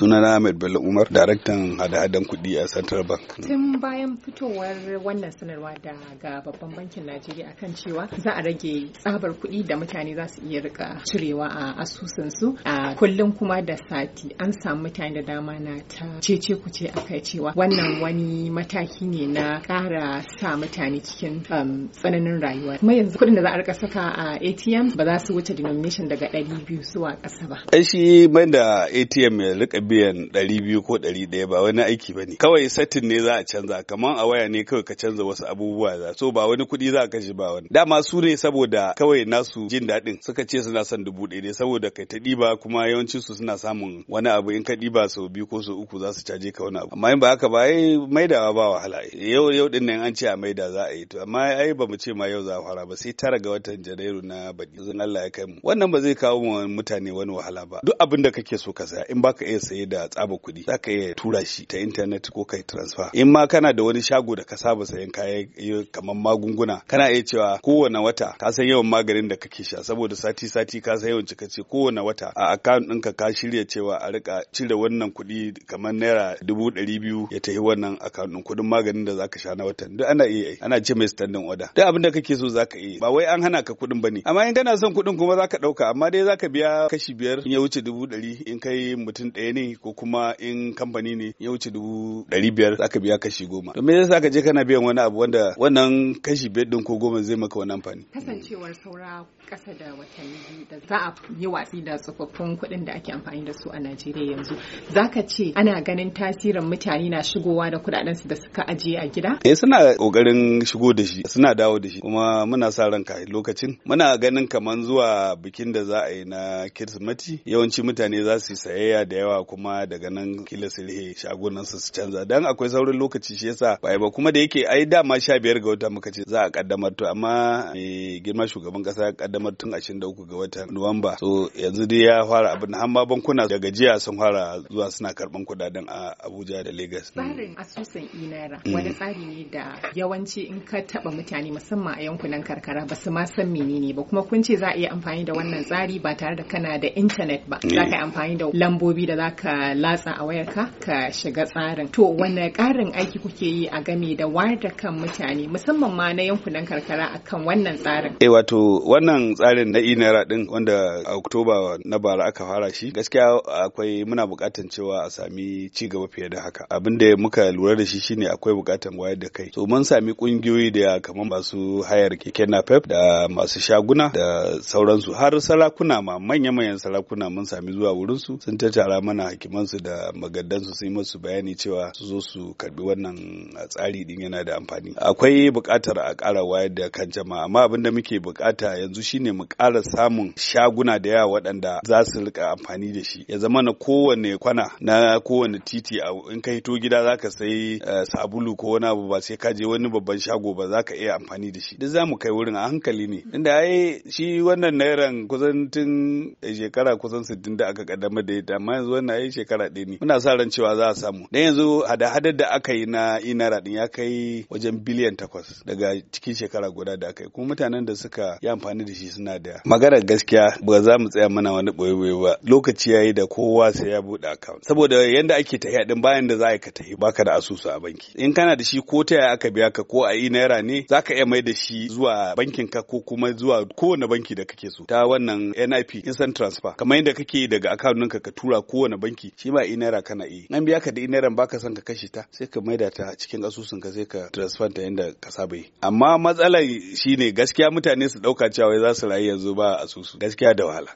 sunana Ahmed Bello Umar daraktan hada-hadan kuɗi a Central Bank. Tun bayan fitowar wannan sanarwa daga babban bankin Najeriya kan cewa za a rage tsabar kuɗi da mutane za su iya rika cirewa a asusunsu a kullum kuma da sati an samu mutane da dama na ta cece kuce kai cewa wannan wani mataki ne na ƙara sa mutane cikin um, tsananin rayuwa. Kuma yanzu kuɗin da za a rika saka a ATM ba za su wuce denomination daga ɗari biyu zuwa ƙasa ba. Ai shi mai da ATM ya rika biyan ɗari biyu ko ɗari ɗaya ba wani aiki ba ne kawai satin ne za a canza kamar a waya ne kawai ka canza wasu abubuwa za so ba wani kuɗi za a kashe ba wani dama su ne saboda kawai nasu jin daɗin suka ce suna son dubu ɗaya ne saboda kai ta ɗiba kuma yawancin su suna samun wani abu in ka ɗiba sau biyu ko sau uku za su caje ka wani abu amma in ba haka ba ai maidawa ba wahala yau yau din nan an ce a maida za a yi to amma ai ba mu ce ma yau za a fara ba sai tara ga watan janairu na baɗi zan Allah ya kai mu wannan ba zai kawo mutane wani wahala ba duk abin da kake so ka saya in baka iya saye da tsaba kuɗi za ka iya tura shi ta intanet ko kai transfer in ma kana da wani shago da ka saba sayan kaya eh, kamar magunguna kana iya cewa kowane wata ka san yawan maganin da kake sha saboda sati sati ka san yawan cikace kowane wata a account ɗinka ka shirya cewa a rika cire wannan kuɗi kamar naira dubu ɗari biyu ya tafi wannan account ɗin kuɗin maganin da zaka sha na watan duk ana iya yi ana ce mai standing order duk abin da kake so zaka iya ba wai an hana ka kuɗin ba ne amma in kana son kuɗin kuma zaka ɗauka amma dai zaka biya kashi biyar in ya wuce dubu ɗari in kai mutum ɗaya ne kai ko kuma in kamfani ne ya wuce dubu ɗari biyar za ka biya kashi goma to me yasa ka je kana biyan wani abu wanda wannan kashi biyar ɗin ko goma zai maka wani amfani kasancewar saura ƙasa da watanni da za a yi watsi da tsofaffin kuɗin da ake amfani da su a Najeriya yanzu za ka ce ana ganin tasirin mutane na shigowa da kuɗaɗen su da suka ajiye a gida eh suna ƙoƙarin shigo da shi suna dawo da shi kuma muna sa ranka lokacin muna ganin kaman zuwa bikin da za a yi na kirsimati yawanci mutane za su sayayya da yawa ko kuma daga nan kila su rihe shagunan su su canza dan akwai saurin lokaci shi yasa ba ba kuma da yake ai dama sha biyar ga wata muka ce za a kaddamar to amma mai girma shugaban kasa ya kaddamar tun ashirin da uku ga watan nuwamba so yanzu dai ya fara abin har ma bankuna daga jiya sun fara zuwa suna karban kudaden a Abuja da Lagos. Tsarin asusun inara mm. wani tsari ne da yawanci in ka taba mutane musamman a yankunan karkara ba su ma san menene ba kuma kun ce za a iya amfani da wannan tsari ba tare da kana da intanet ba mm. za ka yi amfani da lambobi da za ka ka latsa a wayarka ka shiga tsarin to wani ƙarin aiki kuke yi a game da wayar da kan mutane musamman ma na yankunan karkara akan wannan tsarin eh wato wannan tsarin na inera din wanda a oktoba na bara aka fara shi gaskiya akwai muna buƙatan cewa a sami ci gaba fiye da haka abin da muka lura da shi shine akwai buƙatan wayar da kai to mun sami ƙungiyoyi da kamar masu hayar keke napep da masu shaguna da sauransu har sarakuna ma manya-manyan sarakuna mun sami zuwa wurinsu sun tattara mana hakimansu da magadansu sun yi masu bayani cewa su zo su karbi wannan tsari din yana da amfani akwai buƙatar a ƙara wayar da kan jama'a amma abin da muke buƙata yanzu shine mu ƙara samun shaguna da yawa waɗanda za su rika amfani da shi ya zama na kowane kwana na kowane titi in ka hito gida za ka sai eh, sabulu ko wani abu ba sai ka je wani babban shago ba za ka iya amfani da shi duk za mu kai wurin a hankali ne inda ai shi wannan nairan kusan tun shekara kusan sittin da aka kaddamar da ita amma yanzu wannan yi shekara ɗaya ne muna sa ran cewa za a samu dan yanzu hada-hadar da aka yi na inara din ya kai wajen biliyan takwas daga cikin shekara guda da aka yi kuma mutanen da suka yi amfani da shi suna da maganar gaskiya ba za mu tsaya mana wani ɓoye ba lokaci ya yi da kowa sai ya buɗe account saboda yadda ake tafiya ɗin bayan da za ka tafi baka da asusu a banki in kana da shi ko ta yaya aka biya ka ko a inara ne za ka iya mai da shi zuwa bankin ka ko kuma zuwa kowane banki da kake so ta wannan NIP instant transfer kamar yadda kake daga account ninka ka tura kowane banki shi ma naira kana yi an biya ka da ineran baka son ka kashe ta sai ka maida ta cikin asusun ka sai ka transfer ta yanda ka saba yi amma matsalar shine gaskiya mutane su dauka cewa za su rayu yanzu ba asusu gaskiya da wahala